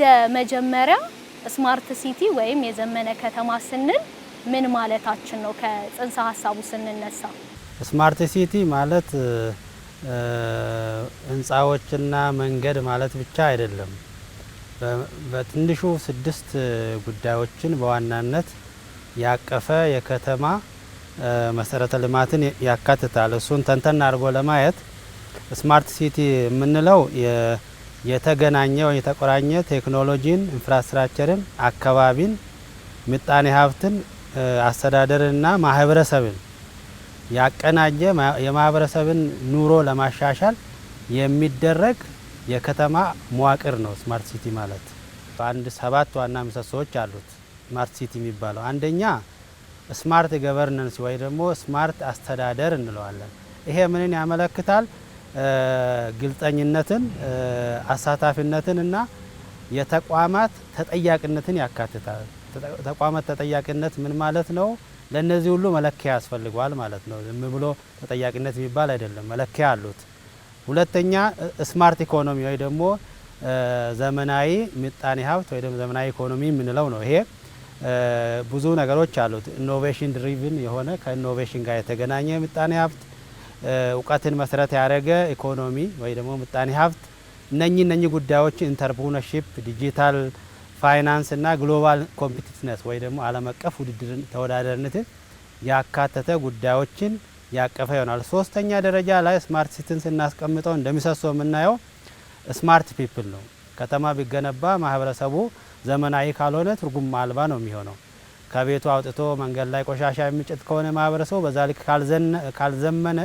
እንደ መጀመሪያ ስማርት ሲቲ ወይም የዘመነ ከተማ ስንል ምን ማለታችን ነው? ከጽንሰ ሀሳቡ ስንነሳ ስማርት ሲቲ ማለት ህንፃዎችና መንገድ ማለት ብቻ አይደለም። በትንሹ ስድስት ጉዳዮችን በዋናነት ያቀፈ የከተማ መሰረተ ልማትን ያካትታል። እሱን ተንተን አድርጎ ለማየት ስማርት ሲቲ የምንለው የተገናኘ ወይም የተቆራኘ ቴክኖሎጂን፣ ኢንፍራስትራክቸርን፣ አካባቢን፣ ምጣኔ ሀብትን፣ አስተዳደርንና ማህበረሰብን ያቀናጀ የማህበረሰብን ኑሮ ለማሻሻል የሚደረግ የከተማ መዋቅር ነው። ስማርት ሲቲ ማለት በአንድ ሰባት ዋና ምሰሶዎች አሉት። ስማርት ሲቲ የሚባለው አንደኛ ስማርት ገቨርነንስ ወይ ደግሞ ስማርት አስተዳደር እንለዋለን። ይሄ ምንን ያመለክታል? ግልጠኝነትን፣ አሳታፊነትን እና የተቋማት ተጠያቂነትን ያካትታል። ተቋማት ተጠያቂነት ምን ማለት ነው? ለእነዚህ ሁሉ መለኪያ ያስፈልገዋል ማለት ነው። ዝም ብሎ ተጠያቂነት የሚባል አይደለም፣ መለኪያ አሉት። ሁለተኛ ስማርት ኢኮኖሚ ወይ ደግሞ ዘመናዊ ምጣኔ ሀብት ወይ ደግሞ ዘመናዊ ኢኮኖሚ የምንለው ነው። ይሄ ብዙ ነገሮች አሉት። ኢኖቬሽን ድሪቭን የሆነ ከኢኖቬሽን ጋር የተገናኘ ምጣኔ ሀብት እውቀትን መሰረት ያደረገ ኢኮኖሚ ወይ ደግሞ ምጣኔ ሀብት እነኚህ እነኚህ ጉዳዮች ኢንተርፕርነርሺፕ፣ ዲጂታል ፋይናንስ እና ግሎባል ኮምፒቲትነስ ወይ ደግሞ ዓለም አቀፍ ውድድርን ተወዳዳሪነትን ያካተተ ጉዳዮችን ያቀፈ ይሆናል። ሶስተኛ ደረጃ ላይ ስማርት ሲቲን ስናስቀምጠው እንደሚሰሶ የምናየው ስማርት ፒፕል ነው። ከተማ ቢገነባ ማህበረሰቡ ዘመናዊ ካልሆነ ትርጉም አልባ ነው የሚሆነው። ከቤቱ አውጥቶ መንገድ ላይ ቆሻሻ የሚጭት ከሆነ ማህበረሰቡ በዛ ልክ ካልዘመነ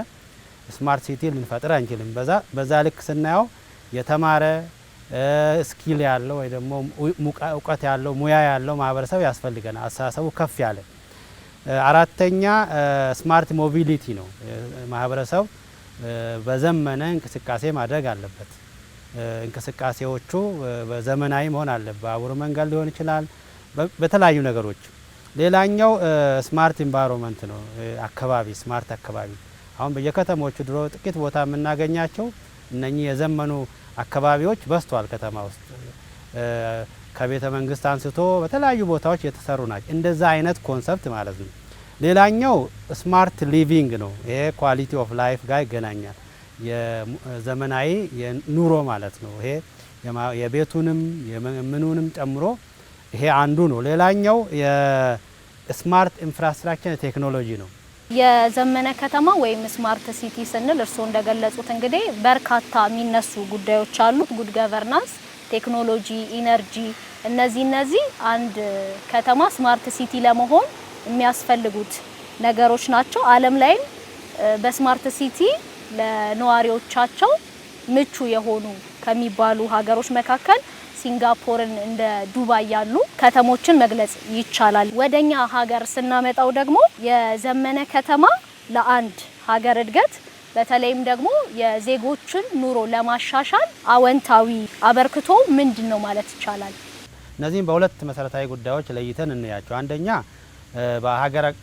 ስማርት ሲቲ ልንፈጥር አንችልም። በዛ ልክ ስናየው የተማረ ስኪል ያለው ወይ ደግሞ እውቀት ያለው ሙያ ያለው ማህበረሰብ ያስፈልገናል። አስተሳሰቡ ከፍ ያለ። አራተኛ ስማርት ሞቢሊቲ ነው። ማህበረሰብ በዘመነ እንቅስቃሴ ማድረግ አለበት። እንቅስቃሴዎቹ በዘመናዊ መሆን አለበት። በአቡር መንገድ ሊሆን ይችላል፣ በተለያዩ ነገሮች። ሌላኛው ስማርት ኢንቫይሮንመንት ነው። አካባቢ ስማርት አካባቢ አሁን በየከተሞቹ ድሮ ጥቂት ቦታ የምናገኛቸው እነኚህ የዘመኑ አካባቢዎች በስተዋል ከተማ ውስጥ ከቤተ መንግስት አንስቶ በተለያዩ ቦታዎች የተሰሩ ናቸው። እንደዛ አይነት ኮንሰፕት ማለት ነው። ሌላኛው ስማርት ሊቪንግ ነው። ይሄ ኳሊቲ ኦፍ ላይፍ ጋር ይገናኛል። የዘመናዊ ኑሮ ማለት ነው። ይሄ የቤቱንም የምኑንም ጨምሮ ይሄ አንዱ ነው። ሌላኛው የስማርት ኢንፍራስትራክቸር ቴክኖሎጂ ነው። የዘመነ ከተማ ወይም ስማርት ሲቲ ስንል እርስዎ እንደገለጹት እንግዲህ በርካታ የሚነሱ ጉዳዮች አሉት። ጉድ ገቨርናንስ፣ ቴክኖሎጂ፣ ኢነርጂ እነዚህ እነዚህ አንድ ከተማ ስማርት ሲቲ ለመሆን የሚያስፈልጉት ነገሮች ናቸው። ዓለም ላይም በስማርት ሲቲ ለነዋሪዎቻቸው ምቹ የሆኑ ከሚባሉ ሀገሮች መካከል ሲንጋፖርን እንደ ዱባይ ያሉ ከተሞችን መግለጽ ይቻላል። ወደኛ ሀገር ስናመጣው ደግሞ የዘመነ ከተማ ለአንድ ሀገር እድገት በተለይም ደግሞ የዜጎችን ኑሮ ለማሻሻል አወንታዊ አበርክቶ ምንድን ነው ማለት ይቻላል? እነዚህም በሁለት መሰረታዊ ጉዳዮች ለይተን እንያቸው። አንደኛ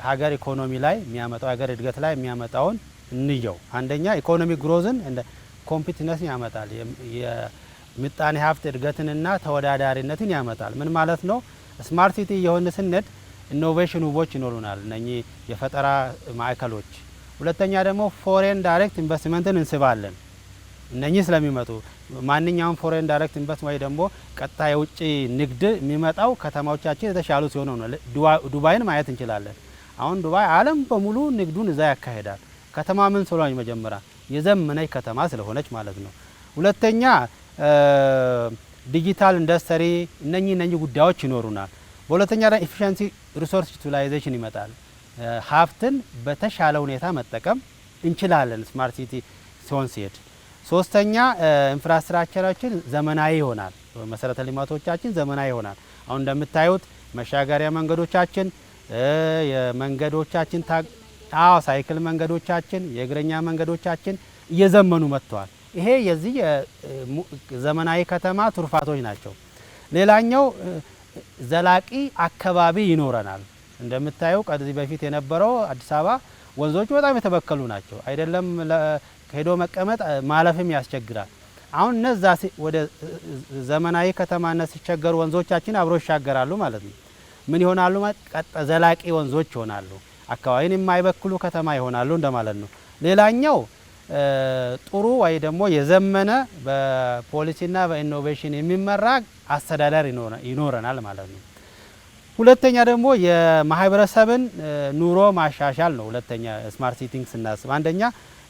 በሀገር ኢኮኖሚ ላይ የሚያመጣው ሀገር እድገት ላይ የሚያመጣውን እንየው። አንደኛ ኢኮኖሚ ግሮዝን ኮምፒቲነስን ያመጣል ምጣኔ ሀብት እድገትንና ተወዳዳሪነትን ያመጣል። ምን ማለት ነው? ስማርት ሲቲ የሆን ስንድ ኢኖቬሽን ውቦች ይኖሩናል፣ እነኚህ የፈጠራ ማዕከሎች። ሁለተኛ ደግሞ ፎሬን ዳይሬክት ኢንቨስትመንትን እንስባለን። እነኚህ ስለሚመጡ ማንኛውም ፎሬን ዳይሬክት ኢንቨስት ወይ ደግሞ ቀጥታ የውጭ ንግድ የሚመጣው ከተማዎቻችን የተሻሉ ሲሆኑ ነው። ዱባይን ማየት እንችላለን። አሁን ዱባይ ዓለም በሙሉ ንግዱን እዛ ያካሄዳል። ከተማ ምን ስለሆነች መጀመሪያ የዘመነች ከተማ ስለሆነች ማለት ነው። ሁለተኛ ዲጂታል ኢንዱስትሪ እነኚህ እነኚህ ጉዳዮች ይኖሩናል። በሁለተኛ ላይ ኤፊሽንሲ ሪሶርስ ዩቲላይዜሽን ይመጣል። ሀብትን በተሻለ ሁኔታ መጠቀም እንችላለን ስማርት ሲቲ ሲሆን ሲሄድ። ሶስተኛ ኢንፍራስትራክቸራችን ዘመናዊ ይሆናል። መሰረተ ልማቶቻችን ዘመናዊ ይሆናል። አሁን እንደምታዩት መሻገሪያ መንገዶቻችን፣ የመንገዶቻችን፣ ሳይክል መንገዶቻችን፣ የእግረኛ መንገዶቻችን እየዘመኑ መጥተዋል። ይሄ የዚህ ዘመናዊ ከተማ ቱርፋቶች ናቸው። ሌላኛው ዘላቂ አካባቢ ይኖረናል። እንደምታየው ከዚህ በፊት የነበረው አዲስ አበባ ወንዞቹ በጣም የተበከሉ ናቸው። አይደለም ሄዶ መቀመጥ ማለፍም ያስቸግራል። አሁን እነዛ ወደ ዘመናዊ ከተማነት ሲቸገሩ ወንዞቻችን አብሮ ይሻገራሉ ማለት ነው። ምን ይሆናሉ? ዘላቂ ወንዞች ይሆናሉ። አካባቢን የማይበክሉ ከተማ ይሆናሉ እንደማለት ነው። ሌላኛው ጥሩ ወይ ደግሞ የዘመነ በፖሊሲና በኢኖቬሽን የሚመራ አስተዳደር ይኖረናል ማለት ነው። ሁለተኛ ደግሞ የማህበረሰብን ኑሮ ማሻሻል ነው። ሁለተኛ ስማርት ሲቲንግ ስናስብ አንደኛ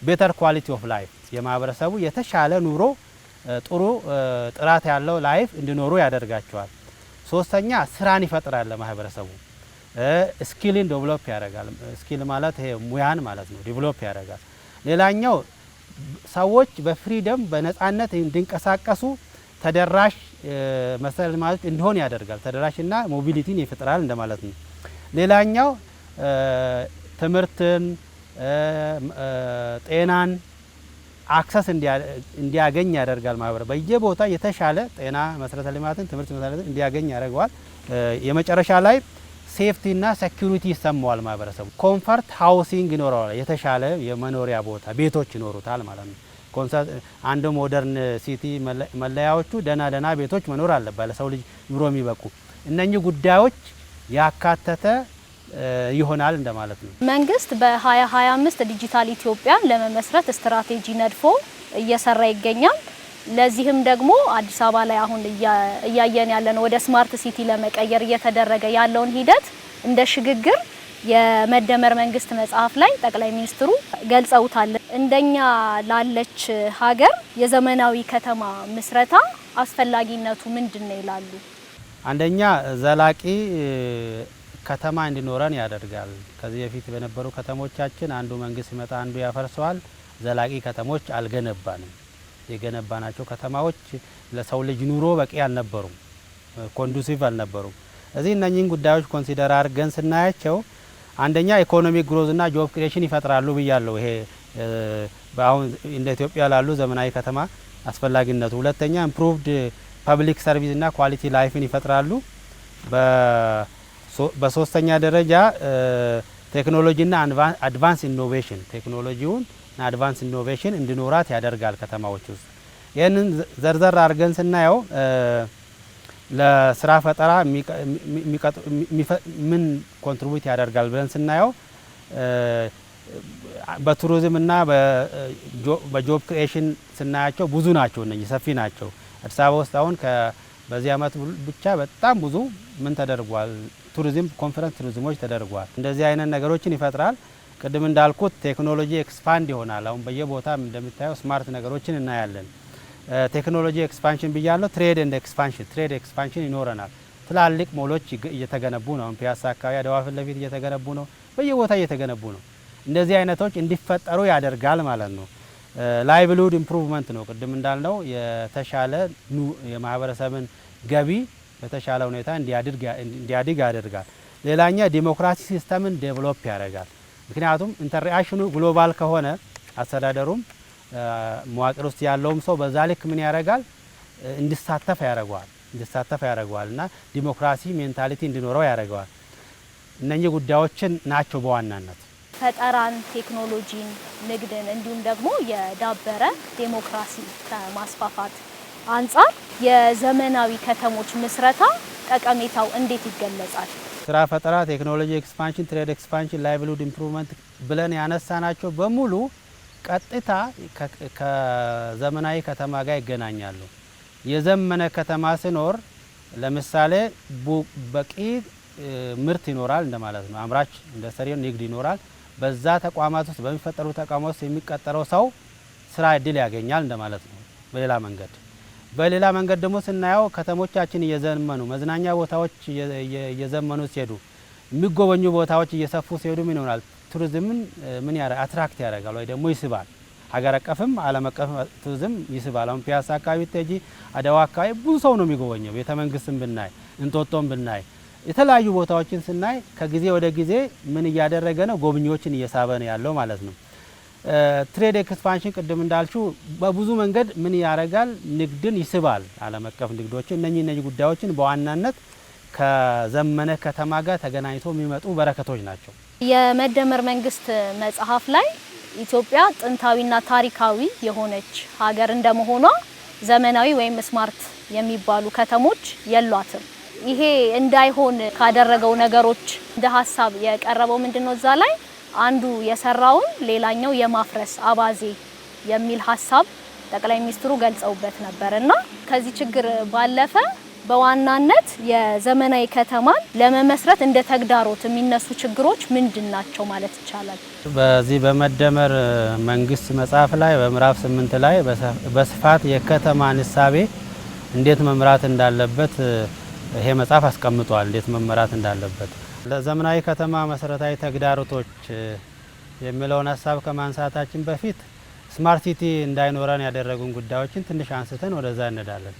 ቤተር ኳሊቲ ኦፍ ላይፍ የማህበረሰቡ የተሻለ ኑሮ ጥሩ ጥራት ያለው ላይፍ እንዲኖሩ ያደርጋቸዋል። ሶስተኛ ስራን ይፈጥራል ለማህበረሰቡ። ስኪልን ዴቨሎፕ ያደርጋል። ስኪል ማለት ይሄ ሙያን ማለት ነው። ዴቨሎፕ ያደርጋል። ሌላኛው ሰዎች በፍሪደም በነጻነት እንዲንቀሳቀሱ ተደራሽ መሰረተ ልማቶች እንዲሆን ያደርጋል። ተደራሽና ሞቢሊቲን ይፈጥራል እንደማለት ነው። ሌላኛው ትምህርትን፣ ጤናን አክሰስ እንዲያገኝ ያደርጋል። ማህበረ በየቦታ የተሻለ ጤና መሰረተ ልማትን፣ ትምህርት መሰረተ እንዲያገኝ ያደርገዋል። የመጨረሻ ላይ ሴፍቲና ሴኩሪቲ ይሰማዋል። ማህበረሰቡ ኮንፈርት ሃውሲንግ ይኖረዋል። የተሻለ የመኖሪያ ቦታ ቤቶች ይኖሩታል ማለት ነው። አንድ ሞደርን ሲቲ መለያዎቹ ደና ደና ቤቶች መኖር አለባት ለሰው ልጅ ኑሮ የሚበቁ እነኚህ ጉዳዮች ያካተተ ይሆናል እንደማለት ነው። መንግስት በ2025 ዲጂታል ኢትዮጵያን ለመመስረት ስትራቴጂ ነድፎ እየሰራ ይገኛል። ለዚህም ደግሞ አዲስ አበባ ላይ አሁን እያየን ያለነው ወደ ስማርት ሲቲ ለመቀየር እየተደረገ ያለውን ሂደት እንደ ሽግግር የመደመር መንግስት መጽሐፍ ላይ ጠቅላይ ሚኒስትሩ ገልጸውታል። እንደኛ ላለች ሀገር የዘመናዊ ከተማ ምስረታ አስፈላጊነቱ ምንድን ነው ይላሉ? አንደኛ ዘላቂ ከተማ እንዲኖረን ያደርጋል። ከዚህ በፊት በነበሩ ከተሞቻችን አንዱ መንግስት ሲመጣ አንዱ ያፈርሰዋል። ዘላቂ ከተሞች አልገነባንም። የገነባ ናቸው ከተማዎች ለሰው ልጅ ኑሮ በቂ አልነበሩም፣ ኮንዱሲቭ አልነበሩም። እዚህ እነኚህን ጉዳዮች ኮንሲደር አድርገን ስናያቸው አንደኛ ኢኮኖሚክ ግሮዝና ጆብ ክሬሽን ይፈጥራሉ ብያለሁ። ይሄ በአሁን እንደ ኢትዮጵያ ላሉ ዘመናዊ ከተማ አስፈላጊነቱ። ሁለተኛ ኢምፕሩቭድ ፐብሊክ ሰርቪስና ኳሊቲ ላይፍን ይፈጥራሉ። በሶስተኛ ደረጃ ቴክኖሎጂና አድቫንስ ኢኖቬሽን ቴክኖሎጂውን አድቫንስ ኢኖቬሽን እንዲኖራት ያደርጋል ከተማዎች ውስጥ። ይህንን ዘርዘር አድርገን ስናየው ለስራ ፈጠራ ምን ኮንትሪቡት ያደርጋል ብለን ስናየው በቱሪዝምና በጆብ ክሪኤሽን ስናያቸው ብዙ ናቸው፣ እነዚህ ሰፊ ናቸው። አዲስ አበባ ውስጥ አሁን በዚህ አመት ብቻ በጣም ብዙ ምን ተደርጓል፣ ቱሪዝም ኮንፈረንስ ቱሪዝሞች ተደርጓል። እንደዚህ አይነት ነገሮችን ይፈጥራል። ቅድም እንዳልኩት ቴክኖሎጂ ኤክስፓንድ ይሆናል። አሁን በየቦታ እንደምታየው ስማርት ነገሮችን እናያለን። ቴክኖሎጂ ኤክስፓንሽን ብያለሁ። ትሬድ ኤንድ ኤክስፓንሽን ትሬድ ኤክስፓንሽን ይኖረናል። ትላልቅ ሞሎች እየተገነቡ ነው። አሁን ፒያሳ አካባቢ አደዋ ፊት ለፊት እየተገነቡ ነው። በየቦታ እየተገነቡ ነው። እንደዚህ አይነቶች እንዲፈጠሩ ያደርጋል ማለት ነው። ላይቭሊሁድ ኢምፕሩቭመንት ነው። ቅድም እንዳልነው የተሻለ የማህበረሰብን ገቢ በተሻለ ሁኔታ እንዲያድግ ያደርጋል። ሌላኛ ዲሞክራሲ ሲስተምን ዴቨሎፕ ያደርጋል። ምክንያቱም ኢንተርአክሽኑ ግሎባል ከሆነ አስተዳደሩም መዋቅር ውስጥ ያለውም ሰው በዛ ልክ ምን ያደርጋል እንዲሳተፍ ያደርገዋል እንዲሳተፍ ያደርገዋል እና ዲሞክራሲ ሜንታሊቲ እንዲኖረው ያደርገዋል። እነኚህ ጉዳዮችን ናቸው በዋናነት ፈጠራን፣ ቴክኖሎጂን፣ ንግድን እንዲሁም ደግሞ የዳበረ ዴሞክራሲ ከማስፋፋት አንጻር የዘመናዊ ከተሞች ምስረታ ጠቀሜታው እንዴት ይገለጻል? ስራ ፈጠራ፣ ቴክኖሎጂ ኤክስፓንሽን፣ ትሬድ ኤክስፓንሽን፣ ላይቭሊሁድ ኢምፕሩቭመንት ብለን ያነሳናቸው በሙሉ ቀጥታ ከዘመናዊ ከተማ ጋር ይገናኛሉ። የዘመነ ከተማ ሲኖር ለምሳሌ በቂ ምርት ይኖራል እንደማለት ነው። አምራች ኢንዱስትሪ፣ ንግድ ይኖራል። በዛ ተቋማት ውስጥ በሚፈጠሩ ተቋማት ውስጥ የሚቀጠረው ሰው ስራ እድል ያገኛል እንደማለት ነው በሌላ መንገድ በሌላ መንገድ ደግሞ ስናየው ከተሞቻችን እየዘመኑ መዝናኛ ቦታዎች እየዘመኑ ሲሄዱ የሚጎበኙ ቦታዎች እየሰፉ ሲሄዱ ምን ይሆናል? ቱሪዝምን ምን አትራክት ያደርጋል ወይ ደግሞ ይስባል። ሀገር አቀፍም ዓለም አቀፍ ቱሪዝም ይስባል። አሁን ፒያሳ አካባቢ ተጂ አደዋ አካባቢ ብዙ ሰው ነው የሚጎበኘው። ቤተ መንግስትም ብናይ እንጦጦም ብናይ የተለያዩ ቦታዎችን ስናይ ከጊዜ ወደ ጊዜ ምን እያደረገ ነው? ጎብኚዎችን እየሳበ ነው ያለው ማለት ነው። ትሬድ ኤክስፓንሽን ቅድም እንዳልችው በብዙ መንገድ ምን ያደርጋል? ንግድን ይስባል። ዓለም አቀፍ ንግዶችን እነኚህ እነኚህ ጉዳዮችን በዋናነት ከዘመነ ከተማ ጋር ተገናኝቶ የሚመጡ በረከቶች ናቸው። የመደመር መንግስት መጽሐፍ ላይ ኢትዮጵያ ጥንታዊና ታሪካዊ የሆነች ሀገር እንደመሆኗ ዘመናዊ ወይም ስማርት የሚባሉ ከተሞች የሏትም። ይሄ እንዳይሆን ካደረገው ነገሮች እንደ ሀሳብ የቀረበው ምንድን ነው እዛ ላይ አንዱ የሰራውን ሌላኛው የማፍረስ አባዜ የሚል ሀሳብ ጠቅላይ ሚኒስትሩ ገልጸውበት ነበር እና ከዚህ ችግር ባለፈ በዋናነት የዘመናዊ ከተማን ለመመስረት እንደ ተግዳሮት የሚነሱ ችግሮች ምንድን ናቸው ማለት ይቻላል? በዚህ በመደመር መንግስት መጽሐፍ ላይ በምዕራፍ ስምንት ላይ በስፋት የከተማ ንሳቤ እንዴት መምራት እንዳለበት ይሄ መጽሐፍ አስቀምጧል። እንዴት መመራት እንዳለበት ለዘመናዊ ከተማ መሰረታዊ ተግዳሮቶች የሚለውን ሀሳብ ከማንሳታችን በፊት ስማርት ሲቲ እንዳይኖረን ያደረጉን ጉዳዮችን ትንሽ አንስተን ወደዛ እንዳለን።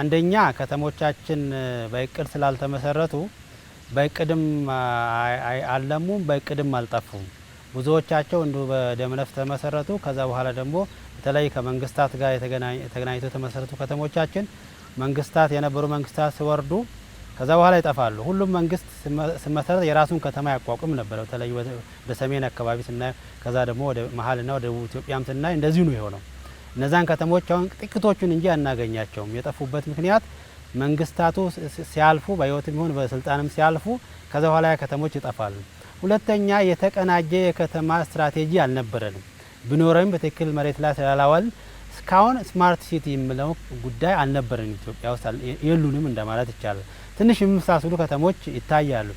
አንደኛ ከተሞቻችን በእቅድ ስላልተመሰረቱ በእቅድም አልለሙም፣ በእቅድም አልጠፉም። ብዙዎቻቸው እንዲሁ በደመነፍ ተመሰረቱ። ከዛ በኋላ ደግሞ በተለይ ከመንግስታት ጋር የተገናኝተው የተመሰረቱ ከተሞቻችን መንግስታት የነበሩ መንግስታት ሲወርዱ ከዛ በኋላ ይጠፋሉ። ሁሉም መንግስት ሲመሰረት የራሱን ከተማ ያቋቁም ነበረ። በተለይ በሰሜን አካባቢ ስናይ፣ ከዛ ደግሞ ወደ መሀልና ወደ ደቡብ ኢትዮጵያም ስናይ እንደዚሁ ነው የሆነው። እነዛን ከተሞች አሁን ጥቂቶቹን እንጂ አናገኛቸውም። የጠፉበት ምክንያት መንግስታቱ ሲያልፉ በህይወትም ይሁን በስልጣንም ሲያልፉ ከዛ በኋላ ከተሞች ይጠፋሉ። ሁለተኛ የተቀናጀ የከተማ ስትራቴጂ አልነበረንም። ቢኖረም በትክክል መሬት ላይ ስላላዋል እስካሁን ስማርት ሲቲ የምለው ጉዳይ አልነበረን። ኢትዮጵያ ውስጥ የሉንም እንደማለት ይቻላል። ትንሽ የሚመሳስሉ ከተሞች ይታያሉ።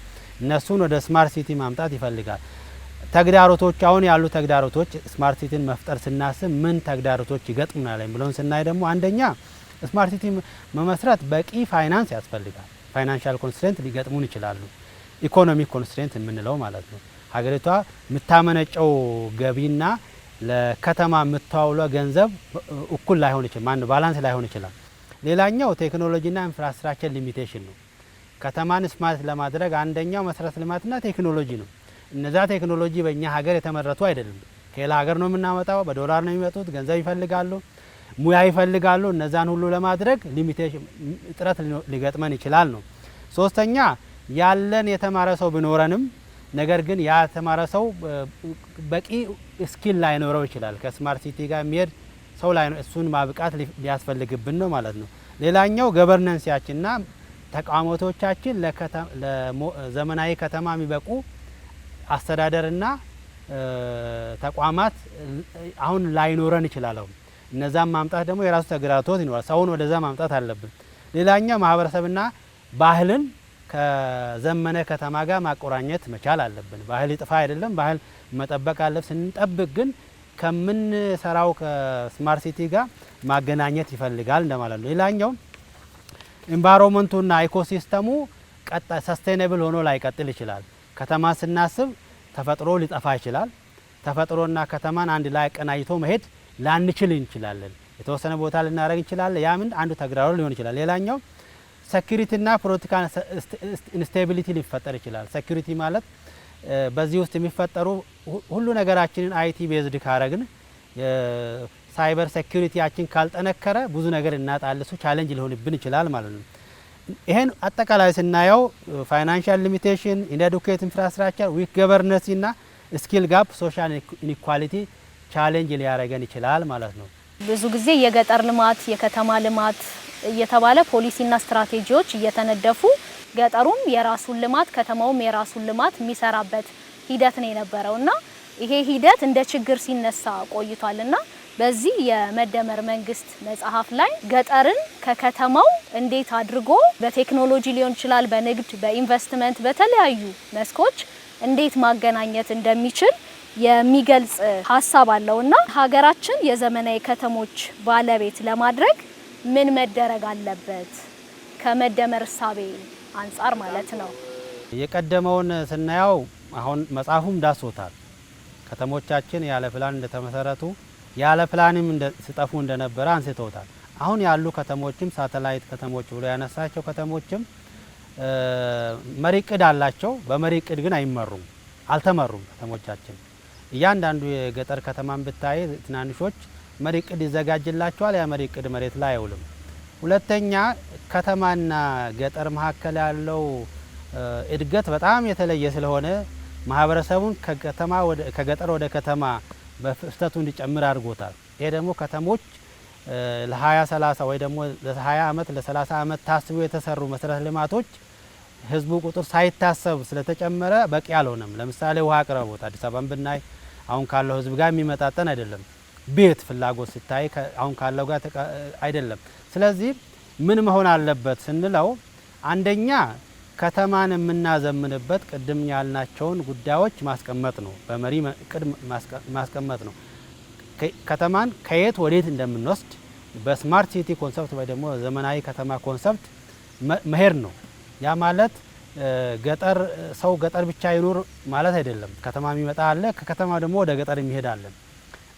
እነሱን ወደ ስማርት ሲቲ ማምጣት ይፈልጋል። ተግዳሮቶች አሁን ያሉ ተግዳሮቶች ስማርት ሲቲን መፍጠር ስናስብ ምን ተግዳሮቶች ይገጥሙናል ብለውን ስናይ ደግሞ አንደኛ ስማርት ሲቲ መመስረት በቂ ፋይናንስ ያስፈልጋል። ፋይናንሻል ኮንስትሬንት ሊገጥሙን ይችላሉ። ኢኮኖሚክ ኮንስትሬንት የምንለው ማለት ነው። ሀገሪቷ የምታመነጨው ገቢና ለከተማ የምታውለ ገንዘብ እኩል ላይሆን ይችላል። ማነው ባላንስ ላይሆን ይችላል። ሌላኛው ቴክኖሎጂና ኢንፍራስትራክቸር ሊሚቴሽን ነው። ከተማን ስማርት ለማድረግ አንደኛው መሰረተ ልማትና ቴክኖሎጂ ነው። እነዛ ቴክኖሎጂ በእኛ ሀገር የተመረቱ አይደሉም። ከሌላ ሀገር ነው የምናመጣው። በዶላር ነው የሚመጡት። ገንዘብ ይፈልጋሉ፣ ሙያ ይፈልጋሉ። እነዛን ሁሉ ለማድረግ ሊሚቴሽን እጥረት ሊገጥመን ይችላል ነው። ሶስተኛ ያለን የተማረ ሰው ቢኖረንም ነገር ግን ያ የተማረ ሰው በቂ ስኪል ላይኖረው ይችላል። ከስማርት ሲቲ ጋር የሚሄድ ሰው ላይ እሱን ማብቃት ሊያስፈልግብን ነው ማለት ነው። ሌላኛው ገቨርነንሲያችንና ተቋሞቶቻችን ለዘመናዊ ከተማ የሚበቁ አስተዳደርና ተቋማት አሁን ላይኖረን ይችላለሁ። እነዛም ማምጣት ደግሞ የራሱ ተግዳሮት ይኖራል። ሰውን ወደዛ ማምጣት አለብን። ሌላኛው ማህበረሰብና ባህልን ከዘመነ ከተማ ጋር ማቆራኘት መቻል አለብን። ባህል ይጥፋ አይደለም፣ ባህል መጠበቅ አለብ። ስንጠብቅ ግን ከምንሰራው ከስማርት ሲቲ ጋር ማገናኘት ይፈልጋል እንደማለት ነው። ሌላኛውም ኢንቫይሮንመንቱና ኢኮሲስተሙ ሰስቴነብል ሆኖ ላይቀጥል ይችላል። ከተማ ስናስብ ተፈጥሮ ሊጠፋ ይችላል። ተፈጥሮና ከተማን አንድ ላይ አቀናጅቶ መሄድ ላንችል እንችላለን። የተወሰነ ቦታ ልናደረግ እንችላለን። ያ ምንድ አንዱ ተግዳሮ ሊሆን ይችላል። ሌላኛው ሴኩሪቲና ፖለቲካ ኢንስቴቢሊቲ ሊፈጠር ይችላል። ሴኩሪቲ ማለት በዚህ ውስጥ የሚፈጠሩ ሁሉ ነገራችንን አይቲ ቤዝድ ካረግን ሳይበር ሴኩሪቲያችን ካልጠነከረ ብዙ ነገር እናጣለሱ እሱ ቻለንጅ ሊሆንብን ይችላል ማለት ነው። ይሄን አጠቃላይ ስናየው ፋይናንሻል ሊሚቴሽን፣ ኢንኤዱኬት ኢንፍራስትራክቸር፣ ዊክ ገቨርነንስ እና ስኪል ጋፕ፣ ሶሻል ኢኒኳሊቲ ቻሌንጅ ሊያደርገን ይችላል ማለት ነው። ብዙ ጊዜ የገጠር ልማት የከተማ ልማት እየተባለ ፖሊሲና ስትራቴጂዎች እየተነደፉ ገጠሩም የራሱን ልማት ከተማውም የራሱን ልማት የሚሰራበት ሂደት ነው የነበረው እና ይሄ ሂደት እንደ ችግር ሲነሳ ቆይቷል እና በዚህ የመደመር መንግስት መጽሐፍ ላይ ገጠርን ከከተማው እንዴት አድርጎ በቴክኖሎጂ ሊሆን ይችላል፣ በንግድ፣ በኢንቨስትመንት፣ በተለያዩ መስኮች እንዴት ማገናኘት እንደሚችል የሚገልጽ ሀሳብ አለው እና ሀገራችን የዘመናዊ ከተሞች ባለቤት ለማድረግ ምን መደረግ አለበት? ከመደመር እሳቤ አንጻር ማለት ነው። የቀደመውን ስናየው አሁን መጽሐፉም ዳሶታል። ከተሞቻችን ያለ ፕላን እንደተመሰረቱ ያለ ፕላንም ሲጠፉ እንደነበረ አንስተውታል። አሁን ያሉ ከተሞችም ሳተላይት ከተሞች ብሎ ያነሳቸው ከተሞችም መሪ እቅድ አላቸው። በመሪ እቅድ ግን አይመሩም፣ አልተመሩም ከተሞቻችን። እያንዳንዱ የገጠር ከተማን ብታይ ትናንሾች መሪ እቅድ ይዘጋጅላቸዋል። ያ መሪ እቅድ መሬት ላይ አይውልም። ሁለተኛ ከተማና ገጠር መካከል ያለው እድገት በጣም የተለየ ስለሆነ ማህበረሰቡን ከገጠር ወደ ከተማ በፍጥነቱ እንዲጨምር አድርጎታል። ይሄ ደግሞ ከተሞች ለ20 30 ወይ ደግሞ ለ20 ዓመት ለ30 ዓመት ታስቦ የተሰሩ መሰረተ ልማቶች ህዝቡ ቁጥር ሳይታሰብ ስለተጨመረ በቂ አልሆነም። ለምሳሌ ውሃ አቅርቦት አዲስ አበባን ብናይ አሁን ካለው ህዝብ ጋር የሚመጣጠን አይደለም። ቤት ፍላጎት ሲታይ አሁን ካለው ጋር አይደለም። ስለዚህ ምን መሆን አለበት ስንለው አንደኛ ከተማን የምናዘምንበት ቅድም ያልናቸውን ጉዳዮች ማስቀመጥ ነው፣ በመሪ ቅድም ማስቀመጥ ነው። ከተማን ከየት ወዴት እንደምንወስድ በስማርት ሲቲ ኮንሰፕት ወይ ደግሞ ዘመናዊ ከተማ ኮንሰፕት መሄድ ነው። ያ ማለት ገጠር ሰው ገጠር ብቻ ይኑር ማለት አይደለም። ከተማ የሚመጣ አለ፣ ከከተማ ደግሞ ወደ ገጠር የሚሄድ አለ።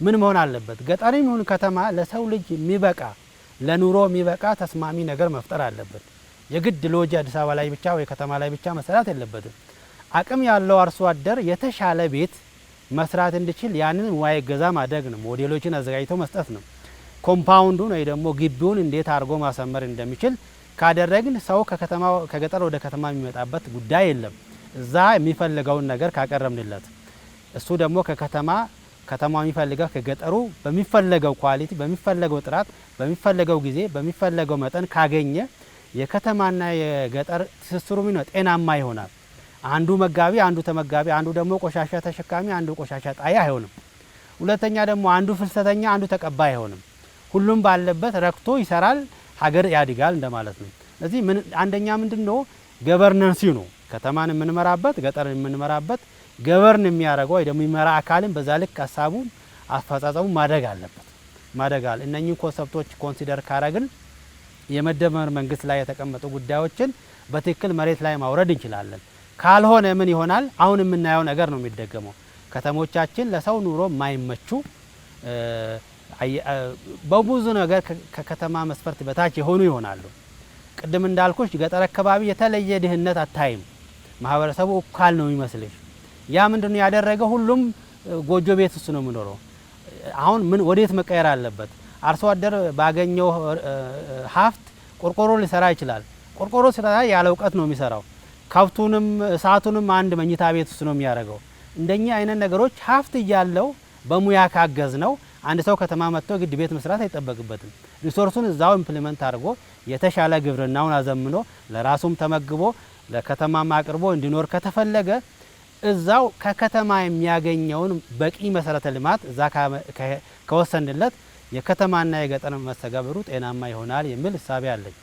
ምን መሆን አለበት? ገጠር የሚሆን ከተማ ለሰው ልጅ የሚበቃ ለኑሮ የሚበቃ ተስማሚ ነገር መፍጠር አለበት። የግድ ሎጅ አዲስ አበባ ላይ ብቻ ወይ ከተማ ላይ ብቻ መሰራት የለበትም። አቅም ያለው አርሶ አደር የተሻለ ቤት መስራት እንዲችል ያንን ዋይ ገዛ ማድረግ ነው። ሞዴሎችን አዘጋጅቶ መስጠት ነው። ኮምፓውንዱን ወይ ደግሞ ግቢውን እንዴት አድርጎ ማሰመር እንደሚችል ካደረግን ሰው ከገጠር ወደ ከተማ የሚመጣበት ጉዳይ የለም። እዛ የሚፈልገውን ነገር ካቀረብንለት እሱ ደግሞ ከከተማ ከተማ የሚፈልገው ከገጠሩ በሚፈለገው ኳሊቲ፣ በሚፈለገው ጥራት፣ በሚፈለገው ጊዜ፣ በሚፈለገው መጠን ካገኘ የከተማና የገጠር ትስስሩ ምን ነው? ጤናማ ይሆናል። አንዱ መጋቢ፣ አንዱ ተመጋቢ፣ አንዱ ደግሞ ቆሻሻ ተሸካሚ፣ አንዱ ቆሻሻ ጣይ አይሆንም። ሁለተኛ ደግሞ አንዱ ፍልሰተኛ፣ አንዱ ተቀባይ አይሆንም። ሁሉም ባለበት ረክቶ ይሰራል፣ ሀገር ያድጋል እንደማለት ነው። ስለዚህ አንደኛ ምንድን ነው ገቨርነንሲ ነው። ከተማን የምንመራበት ገጠርን የምንመራበት ገቨርን የሚያደርገው ወይ ደግሞ የሚመራ አካልን በዛ ልክ ሀሳቡ አፈጻጸሙ ማደግ አለበት ማደግ አለ። እነኚህ ኮንሰፕቶች ኮንሲደር ካረግን የመደመር መንግስት ላይ የተቀመጡ ጉዳዮችን በትክክል መሬት ላይ ማውረድ እንችላለን። ካልሆነ ምን ይሆናል? አሁን የምናየው ነገር ነው የሚደገመው። ከተሞቻችን ለሰው ኑሮ የማይመቹ በብዙ ነገር ከከተማ መስፈርት በታች የሆኑ ይሆናሉ። ቅድም እንዳልኩሽ ገጠር አካባቢ የተለየ ድህነት አታይም። ማህበረሰቡ እኩል ነው የሚመስልሽ። ያ ምንድን ነው ያደረገ? ሁሉም ጎጆ ቤት ውስጥ ነው የሚኖረው። አሁን ምን ወዴት መቀየር አለበት? አርሶ አደር ባገኘው ሀብት ቆርቆሮ ሊሰራ ይችላል። ቆርቆሮ ሲሰራ ያለ እውቀት ነው የሚሰራው። ከብቱንም እሳቱንም አንድ መኝታ ቤት ውስጥ ነው የሚያደርገው። እንደኛ አይነት ነገሮች ሀብት እያለው በሙያ ካገዝ ነው አንድ ሰው ከተማ መጥቶ ግድ ቤት መስራት አይጠበቅበትም። ሪሶርሱን እዛው ኢምፕሊመንት አድርጎ የተሻለ ግብርናውን አዘምኖ ለራሱም ተመግቦ ለከተማም አቅርቦ እንዲኖር ከተፈለገ እዛው ከከተማ የሚያገኘውን በቂ መሰረተ ልማት እዛ ከወሰንለት የከተማና የገጠር መስተጋብሩ ጤናማ ይሆናል የሚል እሳቤ አለኝ።